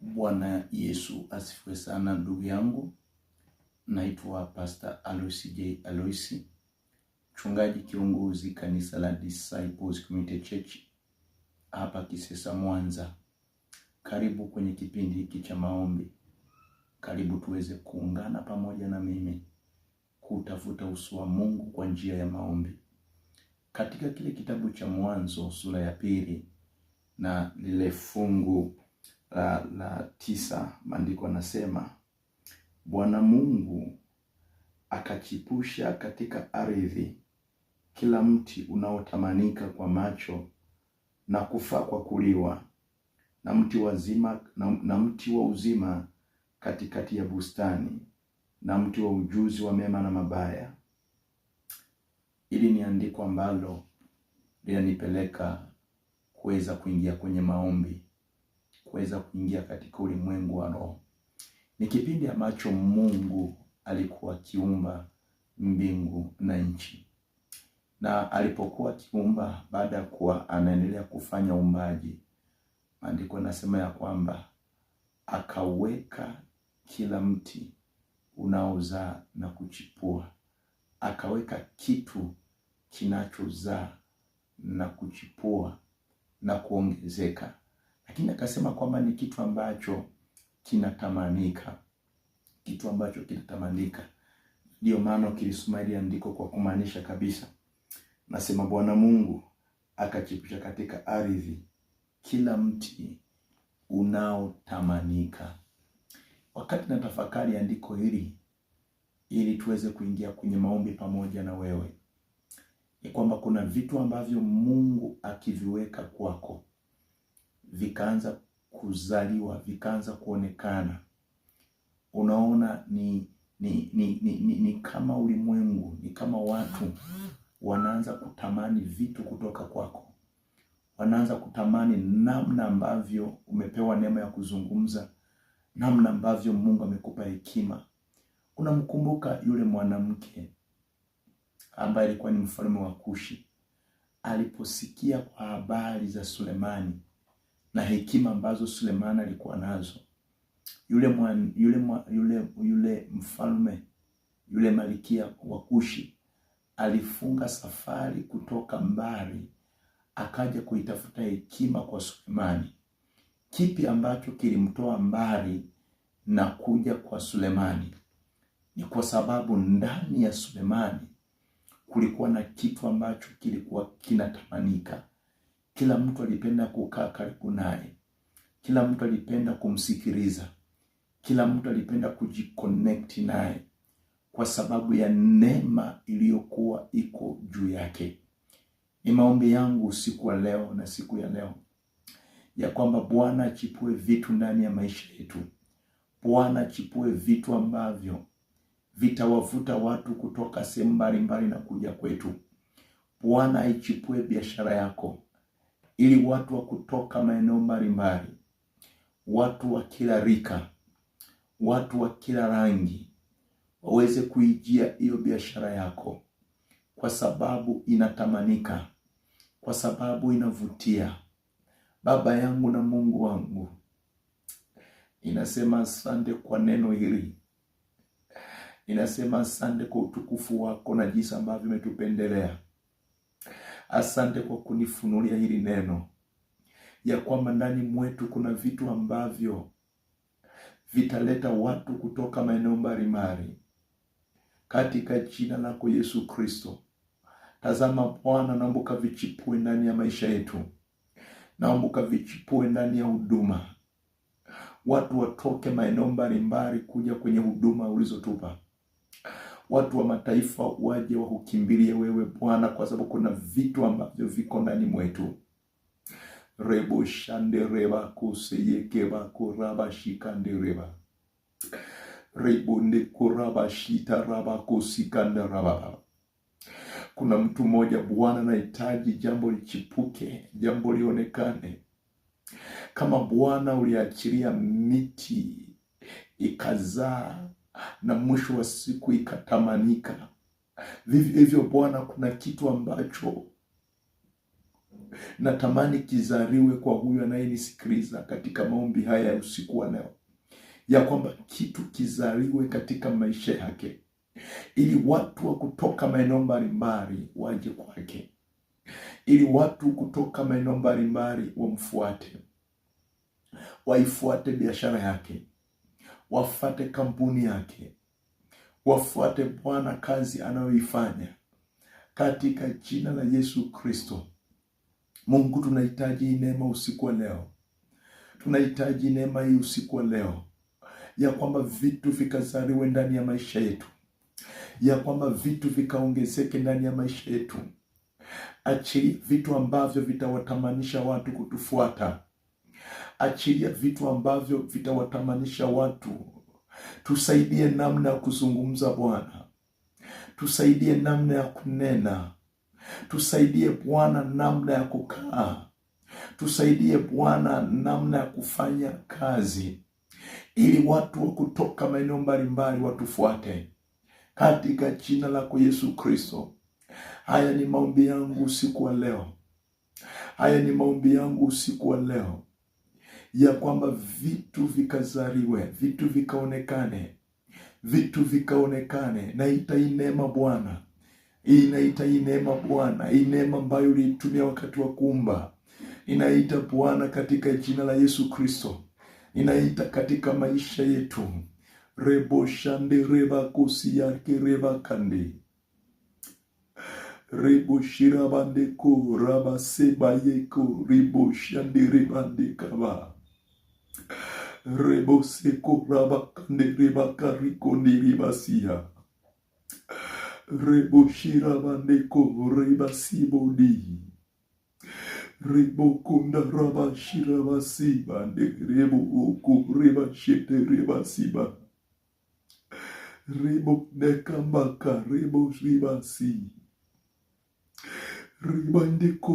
Bwana Yesu asifiwe sana ndugu yangu. Naitwa Pastor Aloisi J. Aloisi, mchungaji kiongozi kanisa la Disciples Community Church hapa Kisesa, Mwanza. Karibu kwenye kipindi hiki cha maombi, karibu tuweze kuungana pamoja na mimi kutafuta uso wa Mungu kwa njia ya maombi. Katika kile kitabu cha Mwanzo sura ya pili na lile fungu la, la tisa maandiko anasema Bwana Mungu akachipusha katika ardhi kila mti unaotamanika kwa macho na kufaa kwa kuliwa na mti wazima, na, na mti wa uzima katikati ya bustani na mti wa ujuzi wa mema na mabaya. Ili ni andiko ambalo linanipeleka kuweza kuingia kwenye maombi kuweza kuingia katika ulimwengu wa roho. Ni kipindi ambacho Mungu alikuwa akiumba mbingu na nchi, na alipokuwa akiumba, baada ya kuwa anaendelea kufanya umbaji, maandiko yanasema ya kwamba akaweka kila mti unaozaa na kuchipua, akaweka kitu kinachozaa na kuchipua na kuongezeka lakini akasema kwamba ni kitu ambacho kinatamanika, kitu ambacho kinatamanika. Ndio maana ukilisoma ile andiko kwa kumaanisha kabisa, nasema Bwana Mungu akachipisha katika ardhi kila mti unaotamanika. Wakati na tafakari andiko hili ili tuweze kuingia kwenye maombi pamoja na wewe, ni kwamba kuna vitu ambavyo Mungu akiviweka kwako vikaanza kuzaliwa, vikaanza kuonekana. Unaona, ni ni, ni, ni, ni, ni kama ulimwengu, ni kama watu wanaanza kutamani vitu kutoka kwako, wanaanza kutamani namna ambavyo umepewa neema ya kuzungumza, namna ambavyo Mungu amekupa hekima. Unamkumbuka yule mwanamke ambaye alikuwa ni mfalme wa Kushi aliposikia kwa habari za Sulemani na hekima ambazo Sulemani alikuwa nazo. Yule, mwan, yule, yule, yule mfalme yule malikia wa Kushi alifunga safari kutoka mbali akaja kuitafuta hekima kwa Sulemani. Kipi ambacho kilimtoa mbali na kuja kwa Sulemani? Ni kwa sababu ndani ya Sulemani kulikuwa na kitu ambacho kilikuwa kinatamanika. Kila mtu alipenda kukaa karibu naye, kila mtu alipenda kumsikiliza, kila mtu alipenda kujiconnect naye kwa sababu ya neema iliyokuwa iko juu yake. Ni maombi yangu usiku wa leo na siku ya leo ya kwamba Bwana achipue vitu ndani ya maisha yetu. Bwana achipue vitu ambavyo vitawavuta watu kutoka sehemu mbalimbali na kuja kwetu. Bwana aichipue biashara yako ili watu wa kutoka maeneo mbalimbali, watu wa kila rika, watu wa kila rangi waweze kuijia hiyo biashara yako, kwa sababu inatamanika, kwa sababu inavutia. Baba yangu na Mungu wangu, inasema asante kwa neno hili, inasema asante kwa utukufu wako na jinsi ambavyo imetupendelea Asante kwa kunifunulia hili neno ya kwamba ndani mwetu kuna vitu ambavyo vitaleta watu kutoka maeneo mbalimbali katika jina lako Yesu Kristo. Tazama Bwana, naomba ukavichipue ndani ya maisha yetu, naomba ukavichipue ndani ya huduma, watu watoke maeneo mbalimbali kuja kwenye huduma ulizotupa watu wa mataifa waje wahukimbilie wewe Bwana, kwa sababu kuna vitu ambavyo viko ndani mwetu reboshandereva koseyekevakorabashikandereva rebondekorabashitarabakosikandarabaaa kuna mtu mmoja Bwana anahitaji jambo lichipuke, jambo lionekane. Kama Bwana uliachilia miti ikazaa na mwisho wa siku ikatamanika. Vivyo hivyo, Bwana, kuna kitu ambacho natamani kizariwe kwa huyu anayenisikiliza katika maombi haya ya usiku wa leo, ya kwamba kitu kizariwe katika maisha yake, ili watu wa kutoka maeneo mbalimbali waje kwake, ili watu kutoka maeneo mbalimbali wamfuate, waifuate biashara yake wafuate kampuni yake, wafuate Bwana kazi anayoifanya katika jina la Yesu Kristo. Mungu, tunahitaji neema usiku wa leo, tunahitaji neema hii usiku wa leo, ya kwamba vitu vikazaliwe ndani ya maisha yetu, ya kwamba vitu vikaongezeke ndani ya maisha yetu. Achilia vitu ambavyo vitawatamanisha watu kutufuata Achilia vitu ambavyo vitawatamanisha watu. Tusaidie namna ya kuzungumza Bwana, tusaidie namna ya kunena, tusaidie Bwana namna ya kukaa, tusaidie Bwana namna ya kufanya kazi, ili watu wa kutoka maeneo mbalimbali watufuate katika jina lako Yesu Kristo. Haya ni maombi yangu usiku wa leo, haya ni maombi yangu usiku wa leo ya kwamba vitu vikazariwe, vitu vikaonekane, vitu vikaonekane. Naita inema Bwana, inaita inema Bwana, inema ambayo ulitumia wakati wa kuumba, inaita Bwana katika jina la Yesu Kristo, inaita katika maisha yetu reba kosi yake yeko rebo shande reboshande rebandekaba Rebose koraba kande reba kari kondi riba siya. Rebo shira bande ko reba si bodi. Rebo kunda raba shira basi bande rebo oku reba shete reba si ba. Rebo nekamba ka rebo riba si. Ribande ko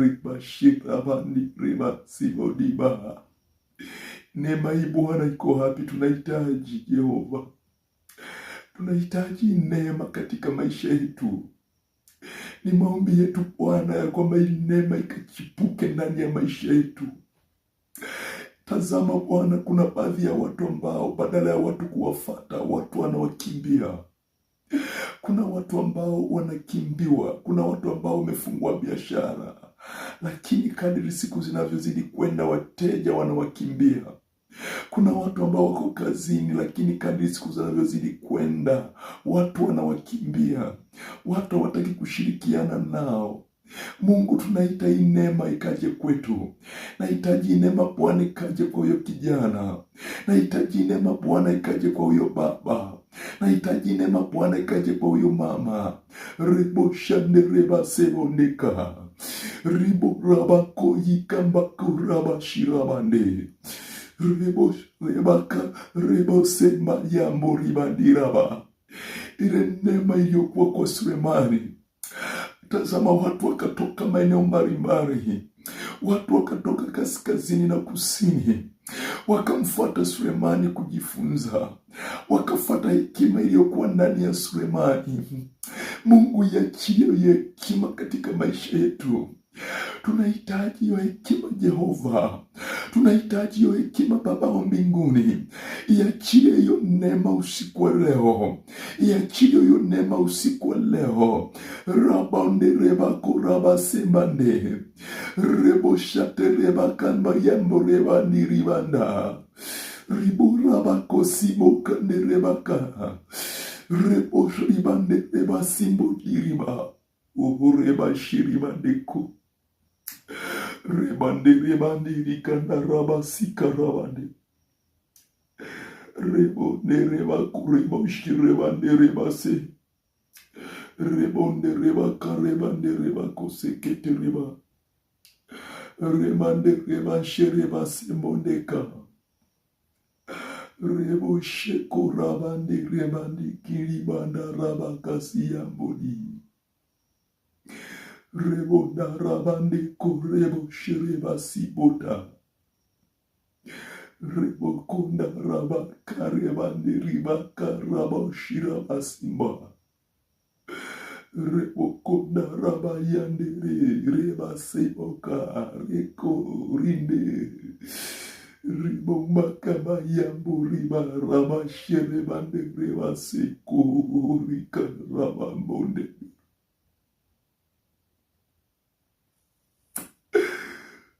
reba shita bande reba si bodi ba. Rebo Neema hii Bwana iko wapi? Tunahitaji Jehova, tunahitaji neema katika maisha yetu. Ni maombi yetu Bwana ya kwamba hii neema ikachipuke ndani ya maisha yetu. Tazama Bwana, kuna baadhi ya watu ambao badala ya watu kuwafata watu wanawakimbia. Kuna watu ambao wanakimbiwa, kuna watu ambao wamefungua biashara lakini kadiri siku zinavyozidi kwenda, wateja wanawakimbia. Kuna watu ambao wako kazini, lakini kadiri siku zinavyozidi kwenda, watu wanawakimbia, watu hawataki kushirikiana nao. Mungu, tunaita neema ikaje kwetu. Nahitaji neema Bwana ikaje kwa huyo kijana. Nahitaji neema Bwana ikaje kwa huyo baba. Nahitaji neema Bwana ikaje kwa huyo mama. reboshane ribo rabakoyikambakurabashirabande rebo rebaka rebo sema yambo ribandiraba ile neema iliyokuwa kwa Sulemani. Tazama, watu wakatoka maeneo mbalimbali, watu wakatoka kaskazini na kusini wakamfuata Sulemani kujifunza, wakafuata hekima iliyokuwa ndani ya Sulemani. Mungu iachilie hiyo hekima katika maisha yetu. Tunahitaji hiyo hekima Jehova, tunahitaji hiyo hekima Baba wa mbinguni. Iachilie hiyo neema usiku wa leo, iachilie hiyo neema usiku wa leo. rabanderebakorabasembande reboshaterebakambayamborebaniribanda riborabakosibokanderebaka rebo ribande leba simbo diriba uhu reba shiribande ku rebande rebande rikanda raba sikarabande rebo ne reba kurebo shirebande reba se rebonde reba karebande reba kosekete reba remande reba shireba simbondeka rebosheko rabande rebande kiribanda rabakasi yamboli rebonda rabande korebosherebasibota rebokonda rabakarebande ribaka raboshirabasimba rebokonda rabayandere rebaseboka rekorinde ribomaka bayambu ribaraba sherebandereba sekurikarabamonde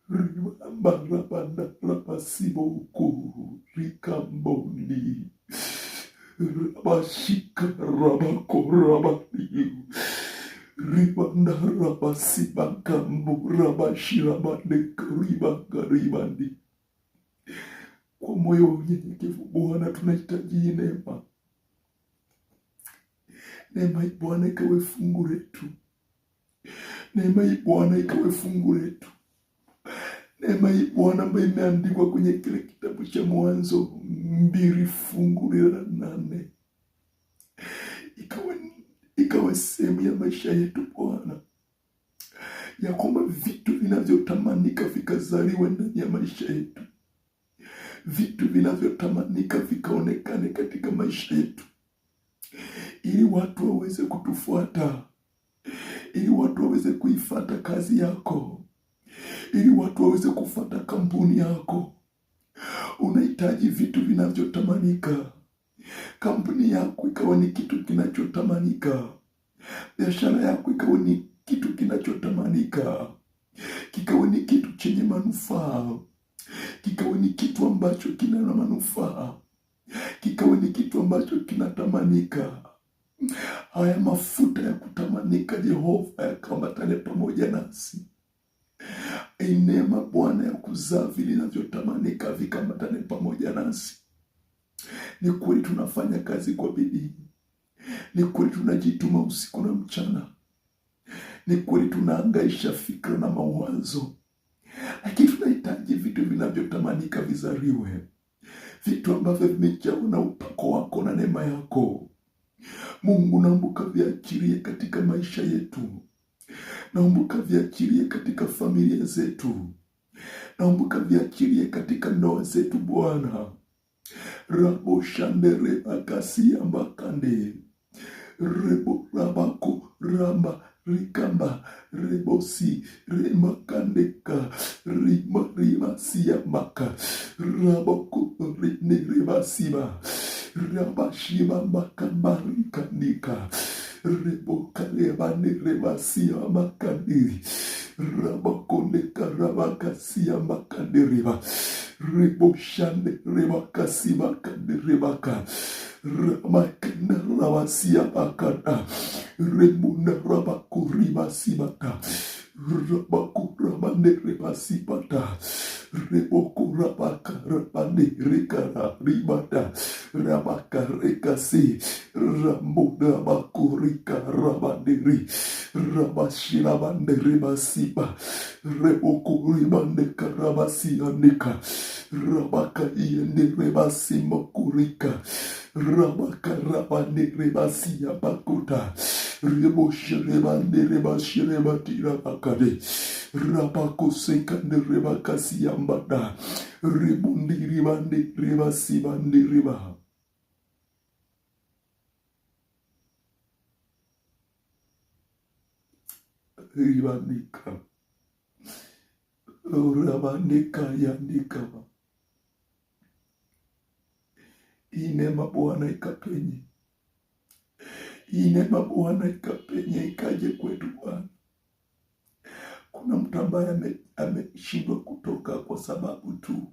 ribambarabanarabasimokurikambondi rabashikarabakorabaniu ribandarabasibakambu rabashirabanekribakaribandi kwa moyo wa unyenyekevu. Bwana, tunahitaji hii neema. Neema hii Bwana ikawe fungu letu, neema hii Bwana ikawe fungu letu, neema hii Bwana ambayo imeandikwa kwenye kile kitabu cha Mwanzo mbili fungu la nane ikawe ikawe sehemu ya maisha yetu Bwana, ya kwamba vitu vinavyotamanika vikazaliwe ndani ya maisha yetu vitu vinavyotamanika vikaonekane katika maisha yetu, ili watu waweze kutufuata, ili watu waweze kuifata kazi yako, ili watu waweze kufata kampuni yako. Unahitaji vitu vinavyotamanika, kampuni yako ikawa ni kitu kinachotamanika, biashara yako ikawa ni kitu kinachotamanika, kikawa ni kitu chenye manufaa kikawe ni kitu ambacho kina na manufaa, kikawe ni kitu ambacho kinatamanika. Haya mafuta ya kutamanika, Jehova, yakaambatane pamoja nasi. Neema Bwana ya kuzaa vilinavyotamanika vikaambatane pamoja nasi. Ni kweli tunafanya kazi kwa bidii, ni kweli tunajituma usiku na mchana, ni kweli tunaangaisha fikra na mawazo lakini tunahitaji vitu vinavyotamanika vizaliwe, vitu ambavyo vimejawa na upako wako na neema yako. Mungu, naomba ukaviachilie katika maisha yetu, naomba ukaviachilie katika familia zetu, naomba ukaviachilie katika ndoa zetu Bwana. rabo raboshandere ambakande rebo rabako ramba rikamba rebosi remakandeka rimaribasiamaka rabokuriniribasiba rabashimamakabarikaneka rebokarebanerebasiamakandiri rabakoneka rabakasiamakandereba reboshane rebakasimakanderebaka ramakena rabasiabakana remuna rabakuribasibata rabakuramanerebasibata rebokurabakaramanerekara ribata rabakarekasi ramunamakurikaramaneri rabashirabanerebasiba rebokurimanekarabasianeka rabakaiyenerebasimakurika ramakarabanerebasia bakota rebosherebanerebasherebatirabakade rabakosekanderebakasiambada rebondiribanerebasibandereba ribanika rabanekayandikaba hii neema Bwana ikapenye, hii neema Bwana ikapenye, ikaje kwetu Bwana. Kuna mtu ambaye ameshindwa kutoka kwa sababu tu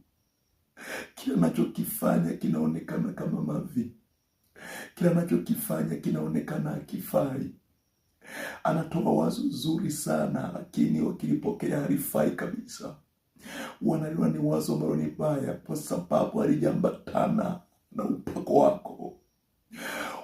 kila anachokifanya kinaonekana kama mavi, kila anachokifanya kinaonekana akifai Anatoa wazo zuri sana, lakini wakilipokea halifai kabisa. wanaliwa ni wazo ambalo ni baya, kwa sababu halijaambatana na upako wako.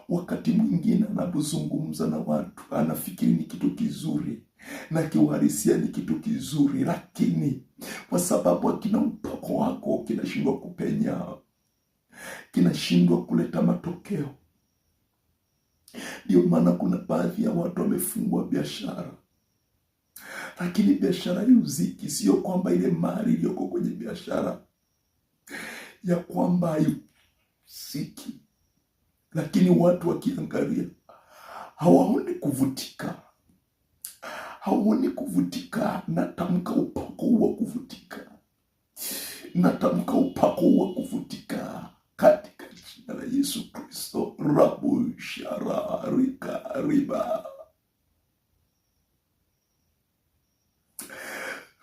Wakati mwingine anapozungumza na watu anafikiri ni kitu kizuri na kiuharisia ni kitu kizuri, lakini kwa sababu akina upako wako kinashindwa kupenya, kinashindwa kuleta matokeo. ndio maana kuna baadhi ya watu wamefungua biashara, lakini biashara iuziki Sio kwamba ile mali iliyoko kwenye biashara ya kwamba siki, lakini watu wakiangalia hawaoni kuvutika, hawaoni kuvutika. Natamka upako wa kuvutika, natamka upako wa kuvutika katika jina la Yesu Kristo. rabushararikariba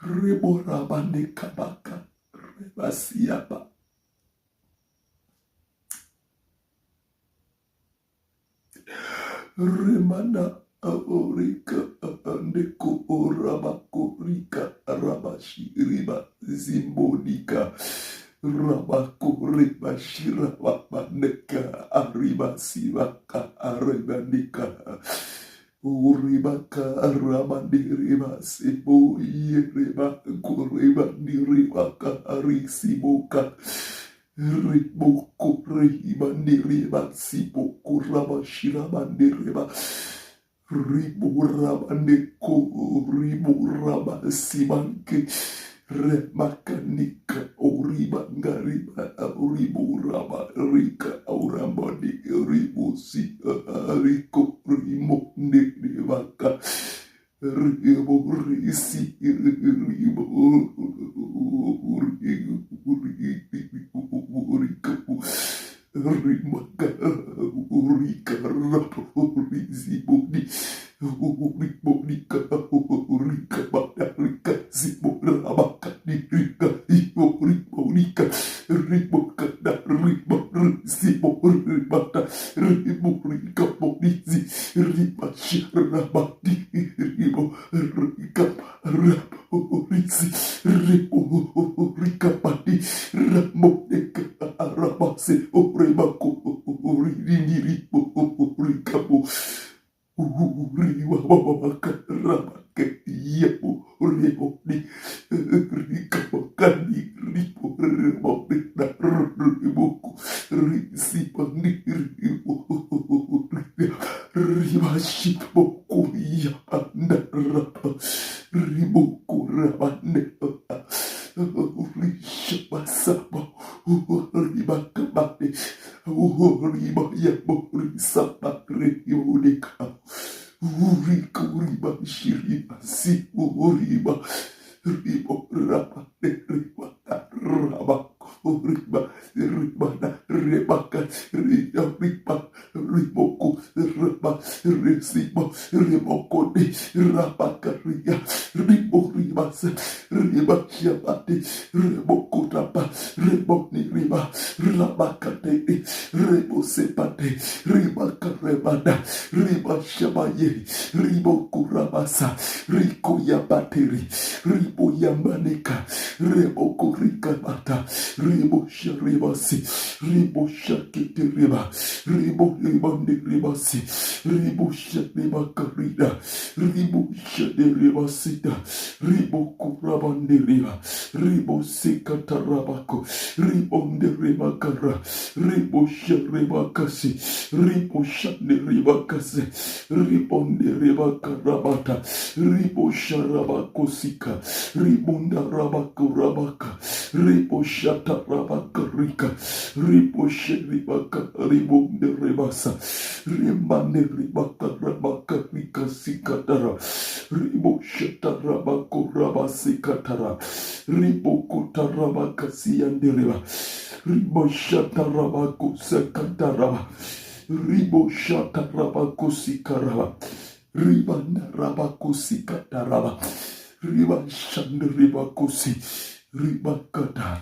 riborabandekabaka rebasiaba remana aorika andeko orabakorika rabashiriba zimbonika rabakorebashira babaneka aribasibaka arebanika Uribaka rabandireba sebo yereba koreba direba ka arisiboka. Ribocco rimane ribansi bocco rabashi ramane riba riburamane ko riburamasi manche remakanika oribanga riba riburama rika auramani ribusi riko rimo ne ribaka ribo risi ribo Mother na rriboko risipanirivashiboko yandaraba riboko rabanea rishabasaba ribakabane ribayaborisabare yoneka urika uribashiribasi uriba rabaka rüya ribo rüyası riba şabati ribo kuraba reboni riba rabakate rebo sepate riba karebada riba shabaye ribo kurabasa riko ya bateri ribo ya maneka rebo kurika ribo sharibasi ribo shakite riba ribo riba ribasi ribo shariba karida ribo shariba sita ribo kurabani riba ribo sika shatarabako ribonderebakara ribosharebakasi riboshanerebakase ribonderebakarabata ribosharabakosika ribondarabakorabaka riboshatabakarika ribosherebaka ribonderebasa rimanerebakarabakarikasikatara riboshatarabakorabasikatara ribokotaraba rabakasi yandereba ribo shatarabako sakataraba ribo shatarabako sikaraba ribandarabako sikataraba riba shandrebakosi ribakata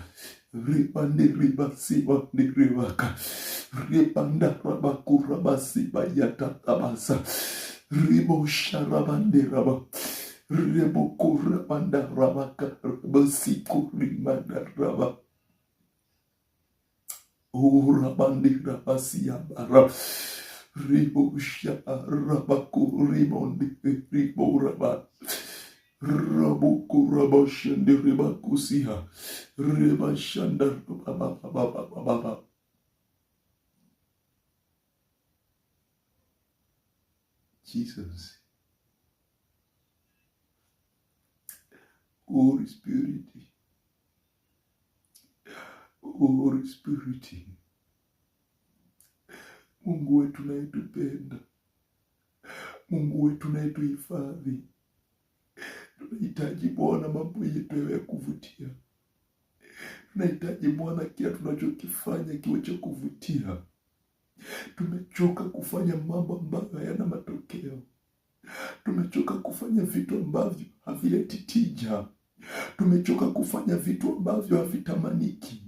ribanderibasibanderibaka ribandarabakurabasibayatatabasa ribosharabandera Reboko ramanda ramaka rebesiku rimanda rama. O ramandi rapasia bara. Ribo shia rabaku ribondi ribo rabat. Rabuku rabashende rebakusiha. Rebashanda rabababababababab. Jesus. Holy Spirit. Holy Spirit. Mungu wetu nayetupenda Mungu wetu nayetuhifadhi tunahitaji Bwana mambo yetu yawe ya kuvutia. Tunahitaji Bwana kila tunachokifanya kiwe cha kuvutia. Tumechoka kufanya mambo ambayo hayana matokeo. Tumechoka kufanya vitu ambavyo havileti tija. Tumechoka kufanya vitu ambavyo havitamaniki.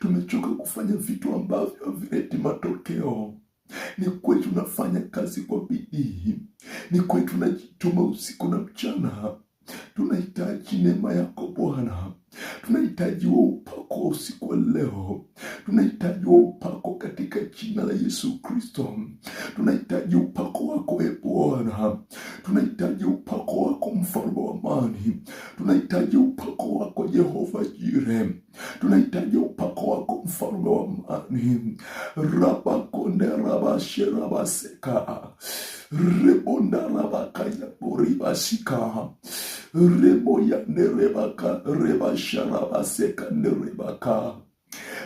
Tumechoka kufanya vitu ambavyo havileti matokeo. Ni kweli tunafanya kazi kwa bidii, ni kweli tunajituma usiku na mchana Tunahitaji neema yako Bwana, tunahitaji wa upako usiku wa leo, tunahitaji wa upako katika jina la Yesu Kristo. Tunahitaji upako wako e Bwana, tunahitaji upako wako mfalme wa amani, tunahitaji upako wako Jehova Jire, tunahitaji upako wako mfalme wa amani. rabakonde rabaseka rebonda rabakayabori reboya nerebaka rebasharabaseka nerebaka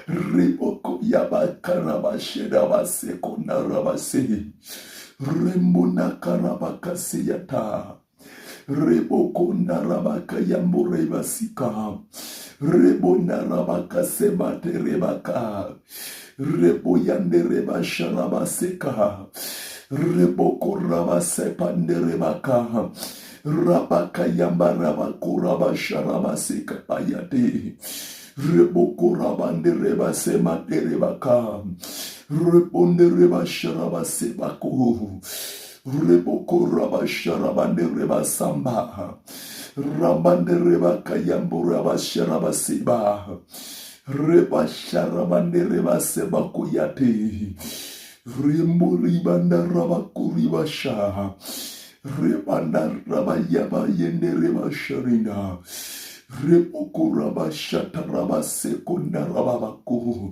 reboko yabakarabasherabaseko narabase remonakarabakaseyata reboko narabaka yamborebasika rebonarabaka sematerebaka reboyanderebasharabaseka reboko rabasepanderebaka Rabakayamba Rabakuraba Sharabasika Payade. Rebokurabande Reba Semate ka. Rebonde Reba Sharabasebaku. Rebokuraba Sharabande Reba Samba. Rabande Reba Kayambu Raba Sharabasiba. Reba Sharabande Reba Sebakuyate. Rimburibanda Rabakuriba Shah. Rebandaraba Yendereba Sharinda. Rebokuraba Shataraba Sekundaraba Baku.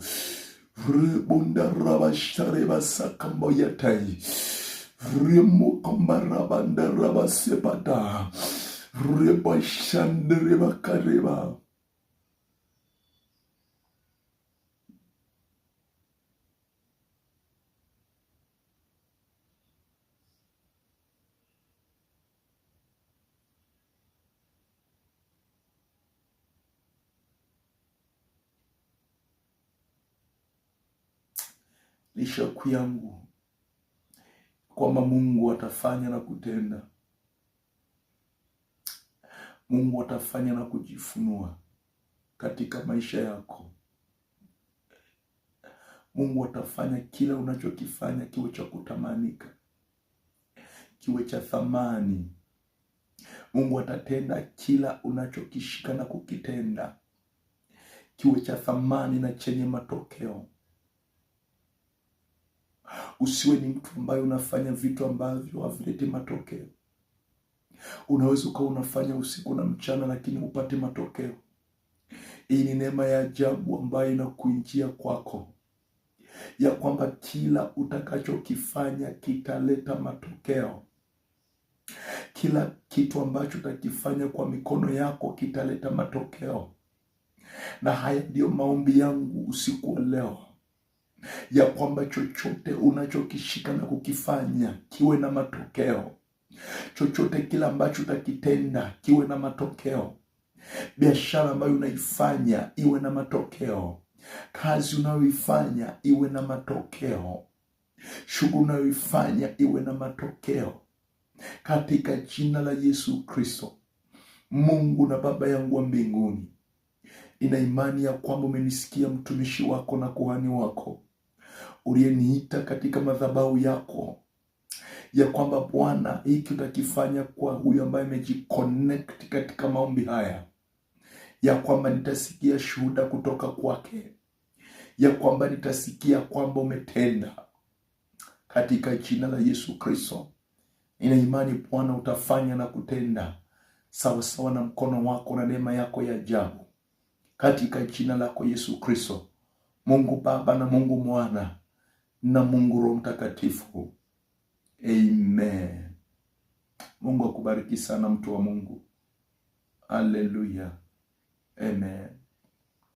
Rebundaraba Shareba Sakamboyatai. Remukambarabanda Raba Sepata. Reba reba Shandereba Kareba. ni shauku yangu kwamba Mungu atafanya na kutenda, Mungu atafanya na kujifunua katika maisha yako. Mungu atafanya kila unachokifanya kiwe cha kutamanika, kiwe cha thamani. Mungu atatenda kila unachokishika na kukitenda kiwe cha thamani na chenye matokeo. Usiwe ni mtu ambaye unafanya vitu ambavyo havileti matokeo. Unaweza ukawa unafanya usiku na mchana, lakini upate matokeo. Hii ni neema ya ajabu ambayo inakuinjia kwako, ya kwamba kila utakachokifanya kitaleta matokeo. Kila kitu ambacho utakifanya kwa mikono yako kitaleta matokeo. Na haya ndiyo maombi yangu usiku wa leo ya kwamba chochote unachokishika na kukifanya kiwe na matokeo, chochote kile ambacho utakitenda kiwe na matokeo, biashara ambayo unaifanya iwe na matokeo, kazi unayoifanya iwe na matokeo, shughuli unayoifanya iwe na matokeo, katika jina la Yesu Kristo. Mungu na Baba yangu wa mbinguni, ina imani ya kwamba umenisikia mtumishi wako na kuhani wako uliyeniita katika madhabahu yako ya kwamba Bwana, hiki utakifanya kwa huyu ambaye amejiconnect katika maombi haya, ya kwamba nitasikia shuhuda kutoka kwake, ya kwamba nitasikia kwamba umetenda katika jina la Yesu Kristo. Nina imani Bwana utafanya na kutenda sawasawa na mkono wako na neema yako ya ajabu katika jina lako Yesu Kristo. Mungu Baba na Mungu Mwana na Mungu Roho Mtakatifu. Amen. Mungu akubariki sana mtu wa Mungu. aleluya Amen.